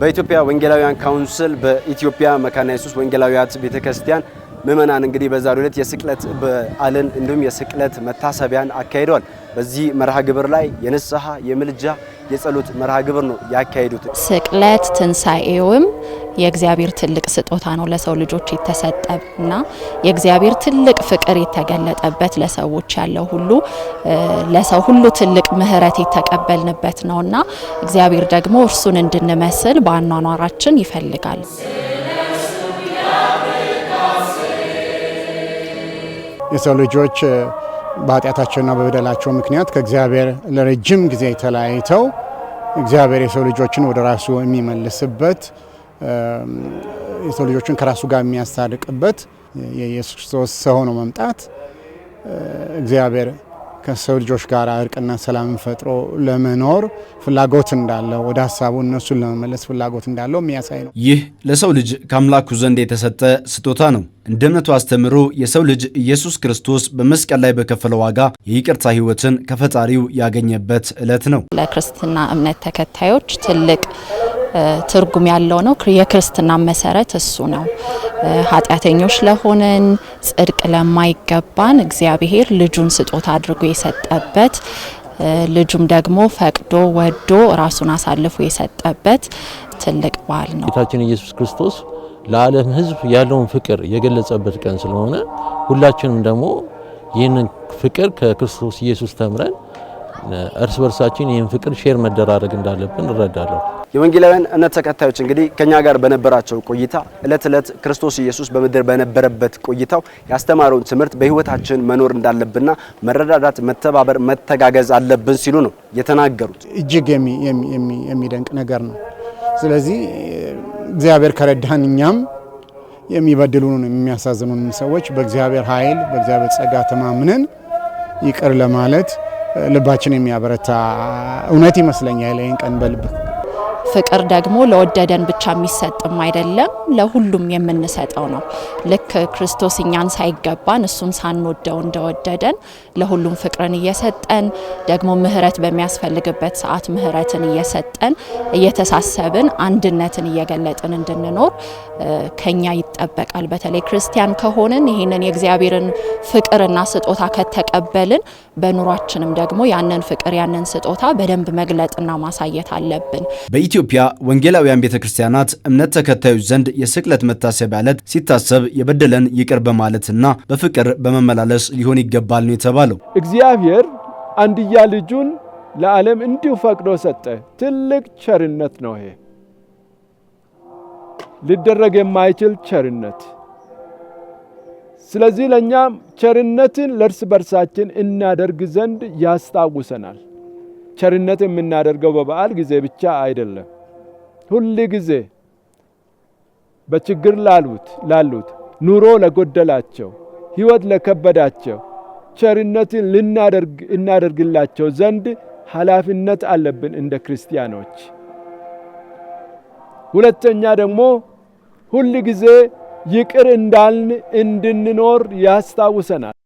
በኢትዮጵያ ወንጌላውያን ካውንስል በኢትዮጵያ መካነ ኢየሱስ ወንጌላዊት ቤተክርስቲያን ምእመናን እንግዲህ በዛሬው ዕለት የስቅለት በዓልን እንዲሁም የስቅለት መታሰቢያን አካሂደዋል። በዚህ መርሃ ግብር ላይ የንስሐ፣ የምልጃ፣ የጸሎት መርሃ ግብር ነው ያካሄዱት። ስቅለት ትንሣኤውም የእግዚአብሔር ትልቅ ስጦታ ነው ለሰው ልጆች የተሰጠና የእግዚአብሔር ትልቅ ፍቅር የተገለጠበት ለሰዎች ያለው ሁሉ ለሰው ሁሉ ትልቅ ምሕረት የተቀበልንበት ነውና እግዚአብሔር ደግሞ እርሱን እንድንመስል በአኗኗራችን ይፈልጋል። የሰው ልጆች በኃጢአታቸውና በበደላቸው ምክንያት ከእግዚአብሔር ለረጅም ጊዜ ተለያይተው እግዚአብሔር የሰው ልጆችን ወደ ራሱ የሚመልስበት የሰው ልጆችን ከራሱ ጋር የሚያስታርቅበት የኢየሱስ ክርስቶስ ሰው ሆኖ መምጣት እግዚአብሔር ከሰው ልጆች ጋር እርቅና ሰላምን ፈጥሮ ለመኖር ፍላጎት እንዳለው ወደ ሀሳቡ እነሱን ለመመለስ ፍላጎት እንዳለው የሚያሳይ ነው። ይህ ለሰው ልጅ ከአምላኩ ዘንድ የተሰጠ ስጦታ ነው። እንደ እምነቱ አስተምሮ የሰው ልጅ ኢየሱስ ክርስቶስ በመስቀል ላይ በከፈለው ዋጋ የይቅርታ ሕይወትን ከፈጣሪው ያገኘበት ዕለት ነው። ለክርስትና እምነት ተከታዮች ትልቅ ትርጉም ያለው ነው። የክርስትና መሰረት እሱ ነው። ኃጢአተኞች ለሆነን ጽድቅ ለማይገባን እግዚአብሔር ልጁን ስጦታ አድርጎ የሰጠበት ልጁም ደግሞ ፈቅዶ ወዶ ራሱን አሳልፎ የሰጠበት ትልቅ በዓል ነው። ጌታችን ኢየሱስ ክርስቶስ ለዓለም ሕዝብ ያለውን ፍቅር የገለጸበት ቀን ስለሆነ ሁላችንም ደግሞ ይህንን ፍቅር ከክርስቶስ ኢየሱስ ተምረን እርስ በርሳችን ይህን ፍቅር ሼር መደራረግ እንዳለብን እረዳለሁ። የወንጌላውያን እምነት ተከታዮች እንግዲህ ከኛ ጋር በነበራቸው ቆይታ እለት እለት ክርስቶስ ኢየሱስ በምድር በነበረበት ቆይታው ያስተማረውን ትምህርት በሕይወታችን መኖር እንዳለብንና መረዳዳት፣ መተባበር፣ መተጋገዝ አለብን ሲሉ ነው የተናገሩት። እጅግ የሚደንቅ ነገር ነው። ስለዚህ እግዚአብሔር ከረዳን እኛም የሚበድሉን የሚያሳዝኑንም ሰዎች በእግዚአብሔር ኃይል በእግዚአብሔር ጸጋ ተማምነን ይቅር ለማለት ልባችን የሚያበረታ እውነት ይመስለኛል። ይህን ቀን በልብ ፍቅር ደግሞ ለወደደን ብቻ የሚሰጥም አይደለም፣ ለሁሉም የምንሰጠው ነው። ልክ ክርስቶስ እኛን ሳይገባን እሱን ሳንወደው እንደወደደን ለሁሉም ፍቅርን እየሰጠን ደግሞ ምሕረት በሚያስፈልግበት ሰዓት ምሕረትን እየሰጠን እየተሳሰብን አንድነትን እየገለጥን እንድንኖር ከኛ ይጠበቃል። በተለይ ክርስቲያን ከሆንን ይህንን የእግዚአብሔርን ፍቅርና ስጦታ ከተቀበልን በኑሯችንም ደግሞ ያንን ፍቅር ያንን ስጦታ በደንብ መግለጥና ማሳየት አለብን። በኢትዮጵያ ወንጌላውያን ቤተ ክርስቲያናት እምነት ተከታዮች ዘንድ የስቅለት መታሰቢያ ዕለት ሲታሰብ የበደለን ይቅር በማለትና በፍቅር በመመላለስ ሊሆን ይገባል ነው የተባለው። እግዚአብሔር አንድያ ልጁን ለዓለም እንዲሁ ፈቅዶ ሰጠ። ትልቅ ቸርነት ነው ይሄ፣ ሊደረግ የማይችል ቸርነት። ስለዚህ ለእኛም ቸርነትን ለእርስ በርሳችን እናደርግ ዘንድ ያስታውሰናል። ቸርነት የምናደርገው በበዓል ጊዜ ብቻ አይደለም። ሁል ጊዜ በችግር ላሉት ላሉት ኑሮ ለጎደላቸው፣ ሕይወት ለከበዳቸው ቸርነትን ልናደርግ እናደርግላቸው ዘንድ ኃላፊነት አለብን እንደ ክርስቲያኖች። ሁለተኛ ደግሞ ሁል ጊዜ ይቅር እንዳልን እንድንኖር ያስታውሰናል።